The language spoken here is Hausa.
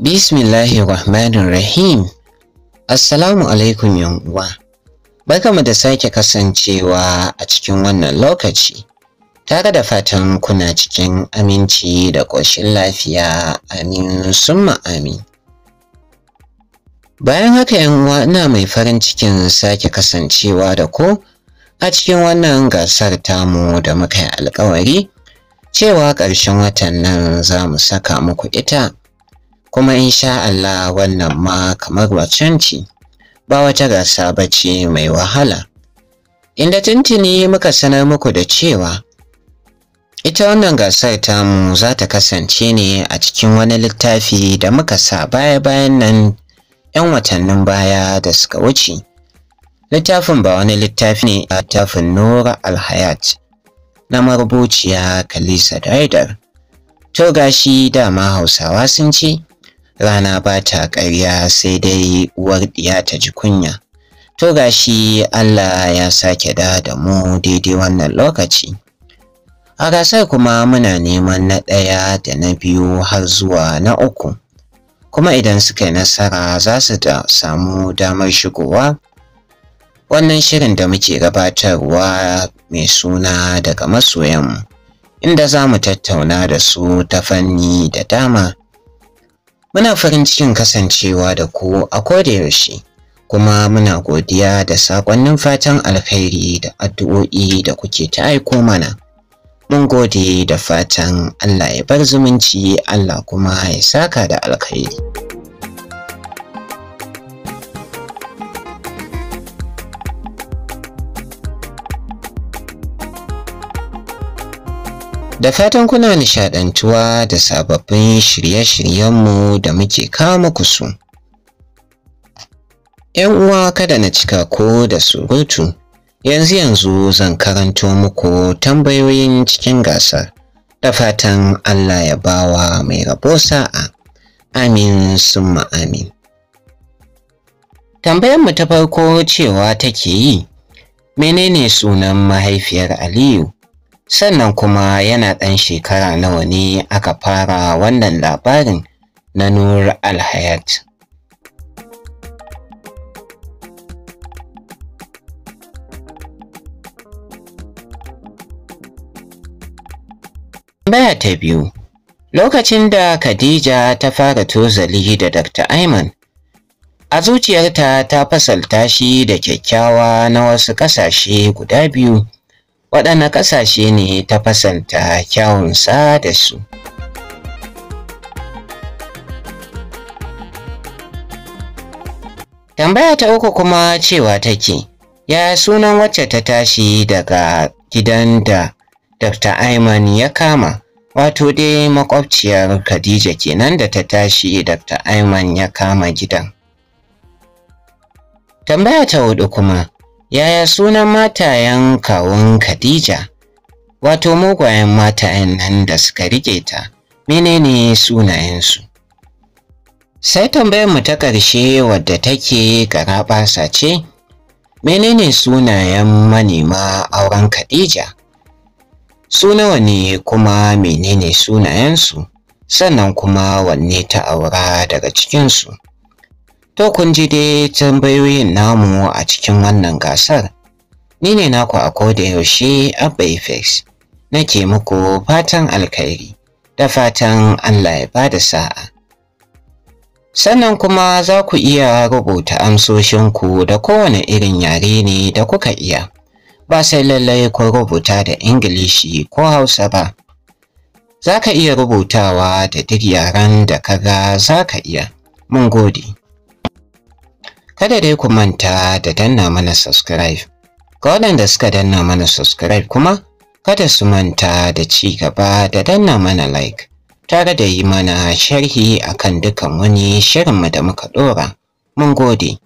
Bismillahir Rahmanir Rahim. Assalamu alaikum uwa. Barkamu da sake kasancewa a cikin wannan lokaci. Tare da fatan kuna cikin aminci da ƙoshin lafiya. Amin summa amin. Bayan haka yan uwa ina mai farin cikin sake kasancewa da ku a cikin wannan gasar tamu da muka yi alƙawari cewa ƙarshen watan nan za mu saka muku ita kuma in sha Allah wannan ma kamar wacan ba wata gasa bace mai wahala inda tuntuni muka sanar muku da cewa ita wannan gasar tamu za ta kasance ne a cikin wani littafi da muka sa baya-bayan nan 'yan watannin baya da suka wuce littafin ba wani littafi ne a littafin nura alhayat na marubuciya kalisa daidar to gashi dama hausawa sun ce rana ba ta ƙarya sai dai uwar ɗiya ta ji kunya. To gashi Allah ya sake da da mu daidai wannan lokaci. A gasar kuma muna neman na ɗaya da na biyu har zuwa na uku. Kuma idan suka yi nasara za su da samu damar shigowa. Wannan shirin da muke gabatarwa mai suna daga masoyanmu, inda za mu tattauna da su ta fanni da dama. Muna farin cikin kasancewa da ku a yaushe, kuma muna godiya da saƙonnin fatan alkhairi da addu'o'i da kuke ta aiko mana. Mun gode da fatan Allah ya bar zumunci Allah kuma ya saka da alkhairi. Da fatan kuna nishadantuwa da sababbin shirye-shiryenmu da muke kama ku su. ‘Yan uwa kada na cika ko da surutu, yanzu yanzu zan karanto muku tambayoyin cikin gasar, da fatan Allah ya bawa mai rabo sa'a. Amin summa amin. Tambayarmu ta farko cewa take yi, menene sunan mahaifiyar Aliyu? sannan kuma yana ɗan shekara nawa ne aka fara wannan labarin na nur alhayat Baya ta biyu Lokacin da Khadija ta fara tozali da Dr. Ayman, a zuciyarta ta fasalta shi da kyakkyawa na wasu ƙasashe guda biyu waɗanne ƙasashe ne ta fasanta kyawunsa da su tambaya ta uku kuma cewa take ya sunan wacce ta tashi daga gidan da dr Ayman ya kama wato dai makwabciyar khadija kenan da ta tashi dr Ayman ya kama gidan tambaya ta hudu kuma yaya sunan matayen kawun Khadija wato mugayen matayen nan da suka rike ta menene sunayensu sai tambayar mu ta ƙarshe wadda take karaɓasa ce menene sunayen manema auren Khadija su nawa ne kuma menene sunayensu sannan kuma wanne ta aura daga cikinsu To kun ji dai tambayoyin namu a cikin wannan gasar. Ni ne naku a koda yaushe Abba Effects. Nake muku fatan alkhairi da fatan Allah ya bada sa'a. Sannan kuma za ku iya rubuta amsoshinku da kowane irin yare ne da kuka iya. Ba sai lallai ku rubuta da Ingilishi ko Hausa ba. Za ka iya rubutawa da duk yaren da kaga za ka iya. Mun gode. kada dai ku manta da danna mana subscribe ga waɗanda suka danna mana subscribe kuma kada su manta da ci gaba da danna mana like tare da yi mana sharhi akan dukan wani shirinmu da muka ɗora mun gode